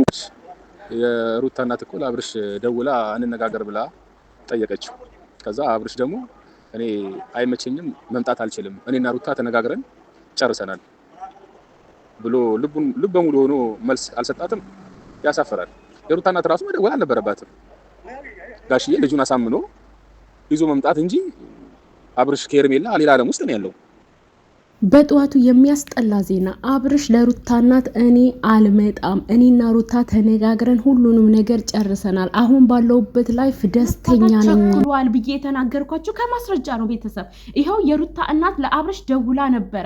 ትንሽ የሩታ እናት እኮ ለአብርሽ ደውላ እንነጋገር ብላ ጠየቀችው። ከዛ አብርሽ ደግሞ እኔ አይመቸኝም፣ መምጣት አልችልም፣ እኔና ሩታ ተነጋግረን ጨርሰናል ብሎ ልብ በሙሉ ሆኖ መልስ አልሰጣትም። ያሳፍራል። የሩታ እናት ራሱ መደወል አልነበረባትም። ጋሽዬ ልጁን አሳምኖ ይዞ መምጣት እንጂ አብርሽ ከሄርሜላ ሌላ ዓለም ውስጥ ነው ያለው። በጠዋቱ የሚያስጠላ ዜና አብርሽ ለሩታ እናት እኔ አልመጣም፣ እኔና ሩታ ተነጋግረን ሁሉንም ነገር ጨርሰናል፣ አሁን ባለውበት ላይፍ ደስተኛ ነኝሏል ብዬ የተናገርኳቸው ከማስረጃ ነው። ቤተሰብ ይኸው የሩታ እናት ለአብርሽ ደውላ ነበረ።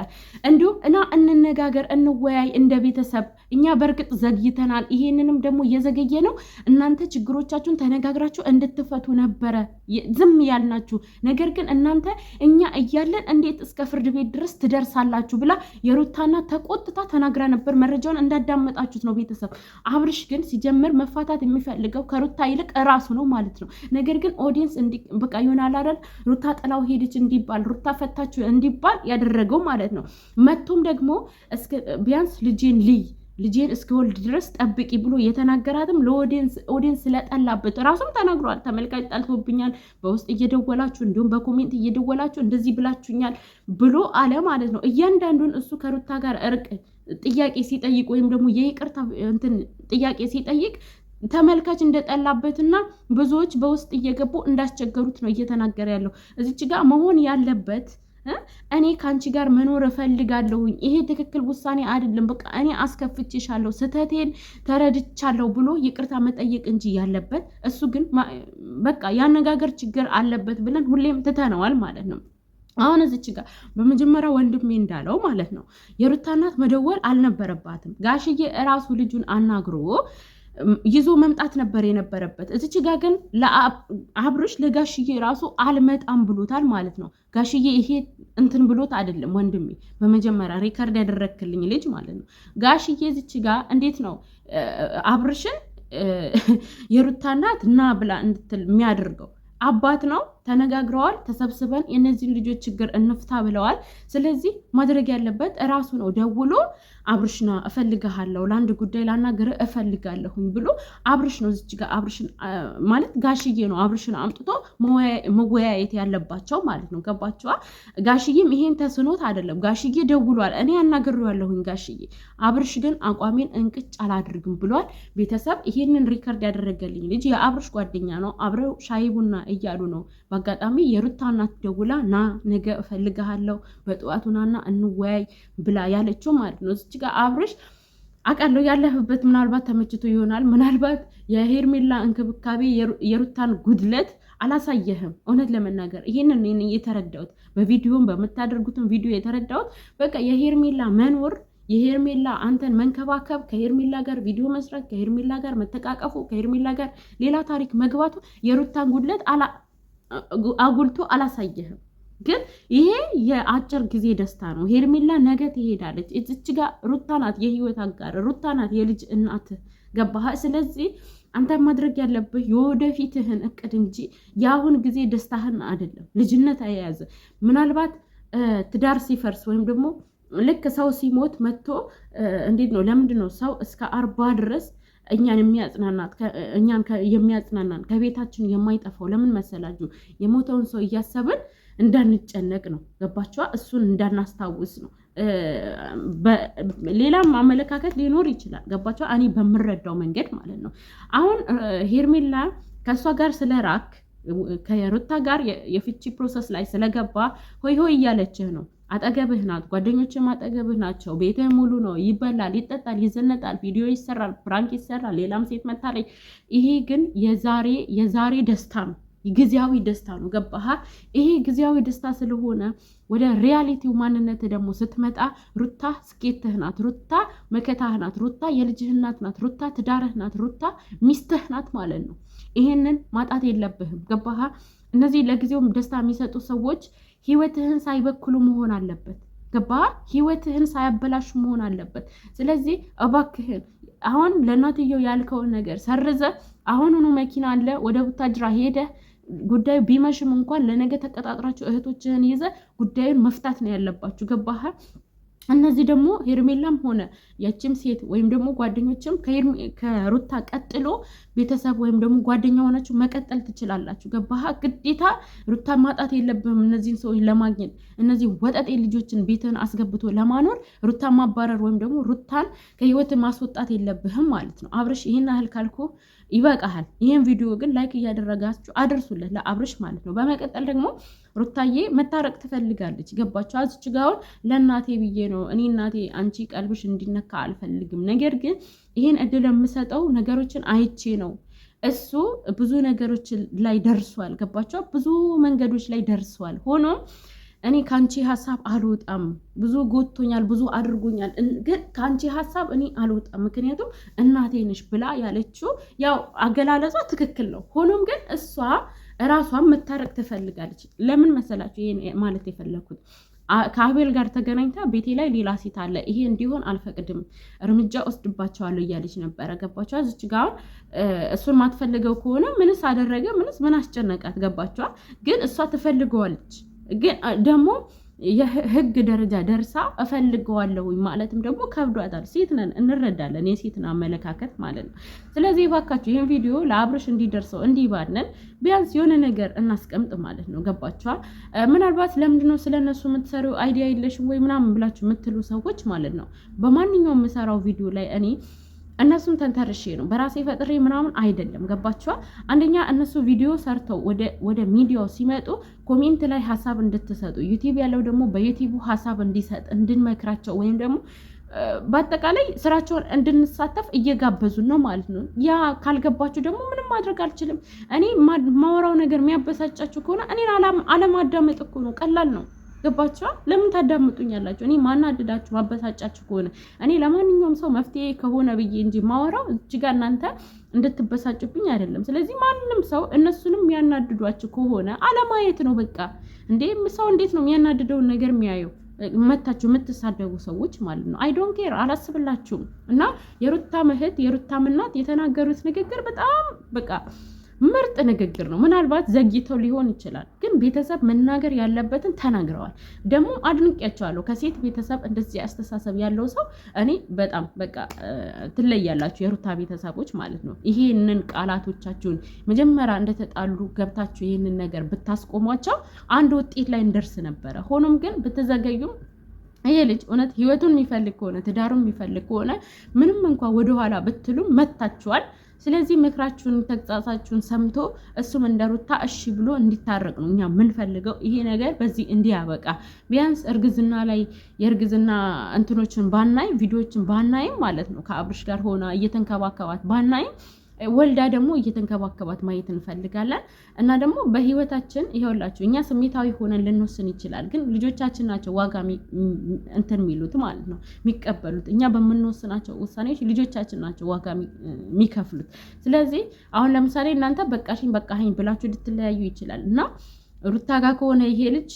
እንዲሁም እና እንነጋገር፣ እንወያይ እንደ ቤተሰብ እኛ በእርግጥ ዘግይተናል። ይሄንንም ደግሞ እየዘገየ ነው። እናንተ ችግሮቻችሁን ተነጋግራችሁ እንድትፈቱ ነበረ ዝም ያልናችሁ። ነገር ግን እናንተ እኛ እያለን እንዴት እስከ ፍርድ ቤት ድረስ ትደር ትደርሳላችሁ ብላ የሩታና ተቆጥታ ተናግራ ነበር። መረጃውን እንዳዳመጣችሁት ነው ቤተሰብ። አብርሽ ግን ሲጀምር መፋታት የሚፈልገው ከሩታ ይልቅ እራሱ ነው ማለት ነው። ነገር ግን ኦዲየንስ በቃ ይሆናል አይደል ሩታ ጥላው ሄደች እንዲባል ሩታ ፈታችሁ እንዲባል ያደረገው ማለት ነው። መቶም ደግሞ ቢያንስ ልጄን ልይ ልጄን እስከወልድ ድረስ ጠብቂ ብሎ የተናገራትም ለኦዲየንስ ስለጠላበት ራሱም ተናግሯል። ተመልካች ጠልቶብኛል፣ በውስጥ እየደወላችሁ እንዲሁም በኮሜንት እየደወላችሁ እንደዚህ ብላችሁኛል ብሎ አለ ማለት ነው። እያንዳንዱን እሱ ከሩታ ጋር እርቅ ጥያቄ ሲጠይቅ ወይም ደግሞ የይቅርታ እንትን ጥያቄ ሲጠይቅ ተመልካች እንደጠላበትና ብዙዎች በውስጥ እየገቡ እንዳስቸገሩት ነው እየተናገረ ያለው እዚች ጋር መሆን ያለበት እኔ ከአንቺ ጋር መኖር እፈልጋለሁኝ፣ ይሄ ትክክል ውሳኔ አይደለም፣ በቃ እኔ አስከፍቼሻለሁ፣ ስህተቴን ተረድቻለሁ ብሎ ይቅርታ መጠየቅ እንጂ ያለበት እሱ ግን በቃ የአነጋገር ችግር አለበት ብለን ሁሌም ትተነዋል ማለት ነው። አሁን እዚች ጋር በመጀመሪያ ወንድሜ እንዳለው ማለት ነው የሩታ እናት መደወል አልነበረባትም። ጋሽዬ እራሱ ልጁን አናግሮ ይዞ መምጣት ነበር የነበረበት። እዚች ጋ ግን አብርሽ ለጋሽዬ ራሱ አልመጣም ብሎታል ማለት ነው። ጋሽዬ ይሄ እንትን ብሎት አይደለም ወንድሜ፣ በመጀመሪያ ሪከርድ ያደረክልኝ ልጅ ማለት ነው። ጋሽዬ እዚች ጋ እንዴት ነው አብርሽን የሩታ እናት ና ብላ እንድትል የሚያደርገው አባት ነው ተነጋግረዋል። ተሰብስበን የእነዚህን ልጆች ችግር እንፍታ ብለዋል። ስለዚህ ማድረግ ያለበት እራሱ ነው። ደውሎ አብርሽና እፈልግሃለሁ ለአንድ ጉዳይ ላናገር እፈልጋለሁኝ ብሎ አብርሽ ነው እዚች ጋር አብርሽን ማለት ጋሽዬ ነው አብርሽን አምጥቶ መወያየት ያለባቸው ማለት ነው። ገባችኋ? ጋሽዬም ይሄን ተስኖት አይደለም። ጋሽዬ ደውሏል። እኔ ያለሁኝ ጋሽዬ። አብርሽ ግን አቋሜን እንቅጭ አላድርግም ብሏል። ቤተሰብ ይሄንን ሪከርድ ያደረገልኝ ልጅ የአብርሽ ጓደኛ ነው። አብረው ሻይ ቡና እያሉ ነው በአጋጣሚ የሩታ እናት ደውላ ና ነገ እፈልግሃለሁ በጠዋቱ ናና እንወያይ ብላ ያለችው ማለት ነው። እዚች ጋር አብርሽ አቃለው ያለህበት ምናልባት ተመችቶ ይሆናል። ምናልባት የሄርሜላ እንክብካቤ የሩታን ጉድለት አላሳየህም። እውነት ለመናገር ይህንን የተረዳሁት በቪዲዮም በምታደርጉትም ቪዲዮ የተረዳሁት በቃ የሄርሜላ መኖር የሄርሜላ አንተን መንከባከብ ከሄርሜላ ጋር ቪዲዮ መስራት ከሄርሜላ ጋር መተቃቀፉ ከሄርሜላ ጋር ሌላ ታሪክ መግባቱ የሩታን ጉድለት አጉልቶ አላሳየህም። ግን ይሄ የአጭር ጊዜ ደስታ ነው። ሄርሜላ ነገ ትሄዳለች። እች ጋ ሩታ ናት የህይወት አጋር፣ ሩታ ናት የልጅ እናት። ገባህ? ስለዚህ አንተ ማድረግ ያለብህ የወደፊትህን እቅድ እንጂ የአሁን ጊዜ ደስታህን አይደለም። ልጅነት አያያዘ ምናልባት ትዳር ሲፈርስ ወይም ደግሞ ልክ ሰው ሲሞት መጥቶ እንዴት ነው ለምንድን ነው ሰው እስከ አርባ ድረስ እኛን የሚያጽናናት እኛን የሚያጽናናን ከቤታችን የማይጠፋው ለምን መሰላችሁ? የሞተውን ሰው እያሰብን እንዳንጨነቅ ነው። ገባችኋ? እሱን እንዳናስታውስ ነው። ሌላም አመለካከት ሊኖር ይችላል። ገባችኋ? እኔ በምረዳው መንገድ ማለት ነው። አሁን ሄርሜላ ከእሷ ጋር ስለ ራክ ከሩታ ጋር የፍቺ ፕሮሰስ ላይ ስለገባ ሆይ ሆይ እያለችህ ነው አጠገብህ ናት፣ ጓደኞችም አጠገብህ ናቸው። ቤትህ ሙሉ ነው። ይበላል፣ ይጠጣል፣ ይዘነጣል፣ ቪዲዮ ይሰራል፣ ፕራንክ ይሰራል፣ ሌላም ሴት መታለች። ይሄ ግን የዛሬ የዛሬ ደስታ ነው፣ ጊዜያዊ ደስታ ነው። ገባህ? ይሄ ጊዜያዊ ደስታ ስለሆነ ወደ ሪያሊቲው ማንነት ደግሞ ስትመጣ ሩታ ስኬትህ ናት፣ ሩታ መከታህ ናት፣ ሩታ የልጅህ እናት ናት፣ ሩታ ትዳርህ ናት፣ ሩታ ሚስትህ ናት ማለት ነው። ይሄንን ማጣት የለብህም። ገባህ? እነዚህ ለጊዜውም ደስታ የሚሰጡ ሰዎች ህይወትህን ሳይበክሉ መሆን አለበት። ገባ? ህይወትህን ሳያበላሹ መሆን አለበት። ስለዚህ እባክህን አሁን ለእናትየው ያልከውን ነገር ሰርዘ አሁኑኑ መኪና አለ ወደ ቡታጅራ ሄደህ ጉዳዩ ቢመሽም እንኳን ለነገ ተቀጣጥራችሁ እህቶችህን ይዘ ጉዳዩን መፍታት ነው ያለባችሁ። ገባህ? እነዚህ ደግሞ ሄርሜላም ሆነ ያችም ሴት ወይም ደግሞ ጓደኞችም ከሩታ ቀጥሎ ቤተሰብ ወይም ደግሞ ጓደኛ ሆናችሁ መቀጠል ትችላላችሁ። ገባህ? ግዴታ ሩታ ማጣት የለብህም። እነዚህን ሰዎች ለማግኘት እነዚህ ወጠጤ ልጆችን ቤትን አስገብቶ ለማኖር ሩታ ማባረር ወይም ደግሞ ሩታን ከህይወት ማስወጣት የለብህም ማለት ነው። አብርሽ ይህን ያህል ካልኩ ይበቃሃል። ይህን ቪዲዮ ግን ላይክ እያደረጋችሁ አደርሱለት ለአብርሽ ማለት ነው። በመቀጠል ደግሞ ሩታዬ መታረቅ ትፈልጋለች። ገባችሁ? አዝች ጋውን ለእናቴ ብዬ ነው እኔ እናቴ፣ አንቺ ቀልብሽ እንዲነካ አልፈልግም። ነገር ግን ይህን እድል የምሰጠው ነገሮችን አይቼ ነው። እሱ ብዙ ነገሮች ላይ ደርሷል። ገባችሁ? ብዙ መንገዶች ላይ ደርሷል። ሆኖ እኔ ከአንቺ ሀሳብ አልወጣም። ብዙ ጎቶኛል፣ ብዙ አድርጎኛል፣ ግን ከአንቺ ሀሳብ እኔ አልወጣም። ምክንያቱም እናቴ ነሽ ብላ ያለችው ያው አገላለጿ ትክክል ነው። ሆኖም ግን እሷ እራሷን መታረቅ ትፈልጋለች። ለምን መሰላችሁ ይሄን ማለት የፈለግኩት ከአቤል ጋር ተገናኝታ ቤቴ ላይ ሌላ ሴት አለ፣ ይሄ እንዲሆን አልፈቅድም፣ እርምጃ ወስድባቸዋለሁ እያለች ነበረ። ገባቸዋል። ዝች ጋር እሱን ማትፈልገው ከሆነ ምንስ አደረገ? ምንስ ምን አስጨነቃት? ገባቸዋል። ግን እሷ ትፈልገዋለች። ግን ደግሞ የህግ ደረጃ ደርሳ እፈልገዋለሁ ማለትም ደግሞ ከብዷታል። ሴት ነን እንረዳለን፣ የሴትን አመለካከት ማለት ነው። ስለዚህ ባካችሁ ይህን ቪዲዮ ለአብርሽ እንዲደርሰው እንዲባነን ቢያንስ የሆነ ነገር እናስቀምጥ ማለት ነው። ገባችኋል? ምናልባት ለምንድነው ስለነሱ የምትሰሩ አይዲያ የለሽም ወይ ምናምን ብላችሁ የምትሉ ሰዎች ማለት ነው በማንኛውም የምሰራው ቪዲዮ ላይ እኔ እነሱን ተንተርሼ ነው በራሴ ፈጥሬ ምናምን አይደለም። ገባችኋል? አንደኛ እነሱ ቪዲዮ ሰርተው ወደ ሚዲያው ሲመጡ ኮሜንት ላይ ሀሳብ እንድትሰጡ ዩቲብ ያለው ደግሞ በዩቲቡ ሀሳብ እንዲሰጥ እንድንመክራቸው ወይም ደግሞ በአጠቃላይ ስራቸውን እንድንሳተፍ እየጋበዙ ነው ማለት ነው። ያ ካልገባችሁ ደግሞ ምንም ማድረግ አልችልም። እኔ ማወራው ነገር የሚያበሳጫችሁ ከሆነ እኔን አለማዳመጥ እኮ ነው። ቀላል ነው። ገባችኋ? ለምን ታዳምጡኝ እኔ ማናድዳችሁ ማበሳጫችሁ ከሆነ እኔ ለማንኛውም ሰው መፍትሄ ከሆነ ብዬ እንጂ ማወራው እጅጋ እናንተ እንድትበሳጩብኝ አይደለም። ስለዚህ ማንም ሰው እነሱንም የሚያናድዷችሁ ከሆነ አለማየት ነው በቃ። እንዴ ሰው እንዴት ነው የሚያናድደውን ነገር የሚያየው? መታችሁ የምትሳደቡ ሰዎች ማለት ነው። አይዶን ኬር አላስብላችሁም። እና የሩታም እህት የሩታም እናት የተናገሩት ንግግር በጣም በቃ ምርጥ ንግግር ነው። ምናልባት ዘግይተው ሊሆን ይችላል፣ ግን ቤተሰብ መናገር ያለበትን ተናግረዋል። ደግሞ አድንቄያቸዋለሁ። ከሴት ቤተሰብ እንደዚህ አስተሳሰብ ያለው ሰው እኔ በጣም በቃ ትለያላችሁ፣ የሩታ ቤተሰቦች ማለት ነው። ይሄንን ቃላቶቻችሁን መጀመሪያ እንደተጣሉ ገብታችሁ ይህንን ነገር ብታስቆሟቸው አንድ ውጤት ላይ እንደርስ ነበረ። ሆኖም ግን ብትዘገዩም ይሄ ልጅ እውነት ህይወቱን የሚፈልግ ከሆነ ትዳሩን የሚፈልግ ከሆነ ምንም እንኳ ወደኋላ ብትሉም መታችኋል። ስለዚህ ምክራችሁን፣ ተግጻጻችሁን ሰምቶ እሱም እንደ ሩታ እሺ ብሎ እንዲታረቅ ነው እኛ የምንፈልገው። ይሄ ነገር በዚህ እንዲያበቃ ቢያንስ እርግዝና ላይ የእርግዝና እንትኖችን ባናይም ቪዲዮዎችን ባናይም ማለት ነው ከአብርሽ ጋር ሆና እየተንከባከባት ባናይም ወልዳ ደግሞ እየተንከባከባት ማየት እንፈልጋለን። እና ደግሞ በህይወታችን ይሄውላችሁ እኛ ስሜታዊ ሆነን ልንወስን ይችላል፣ ግን ልጆቻችን ናቸው ዋጋ እንትን የሚሉት ማለት ነው የሚቀበሉት። እኛ በምንወስናቸው ውሳኔዎች ልጆቻችን ናቸው ዋጋ የሚከፍሉት። ስለዚህ አሁን ለምሳሌ እናንተ በቃሽኝ በቃኝ ብላችሁ ልትለያዩ ይችላል እና ሩታ ጋር ከሆነ ይሄ ልጅ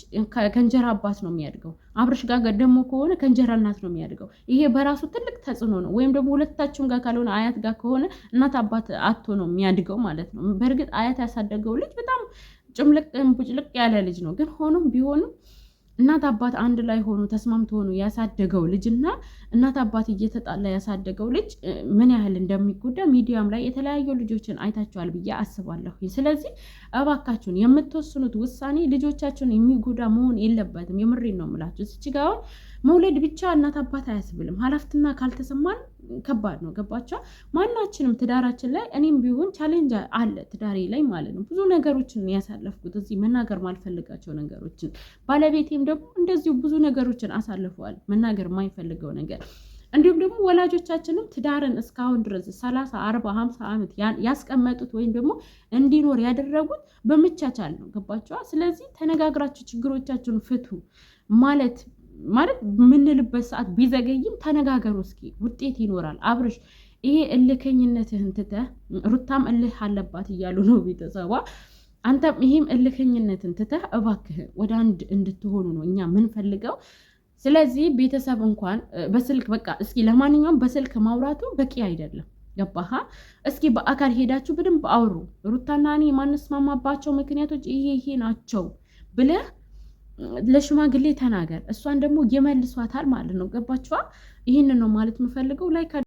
ከእንጀራ አባት ነው የሚያድገው። አብርሽ ጋር ደግሞ ከሆነ ከእንጀራ እናት ነው የሚያድገው። ይሄ በራሱ ትልቅ ተጽዕኖ ነው። ወይም ደግሞ ሁለታችሁም ጋር ካልሆነ አያት ጋር ከሆነ እናት አባት አቶ ነው የሚያድገው ማለት ነው። በእርግጥ አያት ያሳደገው ልጅ በጣም ጭምልቅ ቡጭልቅ ያለ ልጅ ነው። ግን ሆኖም ቢሆንም እናት አባት አንድ ላይ ሆኖ ተስማምቶ ሆኖ ያሳደገው ልጅ እና እናት አባት እየተጣላ ያሳደገው ልጅ ምን ያህል እንደሚጎዳ ሚዲያም ላይ የተለያዩ ልጆችን አይታችኋል ብዬ አስባለሁ። ስለዚህ እባካችሁን የምትወስኑት ውሳኔ ልጆቻችሁን የሚጎዳ መሆን የለበትም። የምሬን ነው የምላችሁ። ስችጋውን መውለድ ብቻ እናት አባት አያስብልም። ኃላፊትና ካልተሰማን ከባድ ነው። ገባቸው ማናችንም ትዳራችን ላይ እኔም ቢሆን ቻሌንጅ አለ ትዳሬ ላይ ማለት ነው። ብዙ ነገሮችን ያሳለፍኩት እዚህ መናገር ማልፈልጋቸው ነገሮችን፣ ባለቤቴም ደግሞ እንደዚሁ ብዙ ነገሮችን አሳልፈዋል መናገር የማይፈልገው ነገር እንዲሁም ደግሞ ወላጆቻችንም ትዳርን እስካሁን ድረስ ሰላሳ አርባ ሀምሳ ዓመት ያስቀመጡት ወይም ደግሞ እንዲኖር ያደረጉት በመቻቻል ነው። ገባቸዋ። ስለዚህ ተነጋግራችሁ ችግሮቻችሁን ፍቱ ማለት ማለት የምንልበት ሰዓት ቢዘገይም ተነጋገሩ። እስኪ ውጤት ይኖራል። አብርሽ ይሄ እልከኝነትህን ትተህ ሩታም እልህ አለባት እያሉ ነው ቤተሰቧ። አንተም ይህም እልከኝነትን ትተህ እባክህ ወደ አንድ እንድትሆኑ ነው እኛ ምንፈልገው። ስለዚህ ቤተሰብ እንኳን በስልክ በቃ እስኪ ለማንኛውም በስልክ ማውራቱ በቂ አይደለም። ገባሃ? እስኪ በአካል ሄዳችሁ በደንብ አውሩ። ሩታና እኔ የማንስማማባቸው ምክንያቶች ይሄ ይሄ ናቸው ብለህ ለሽማግሌ ተናገር፣ እሷን ደግሞ ይመልሷታል ማለት ነው። ገባችኋ? ይህንን ነው ማለት የምፈልገው ላይ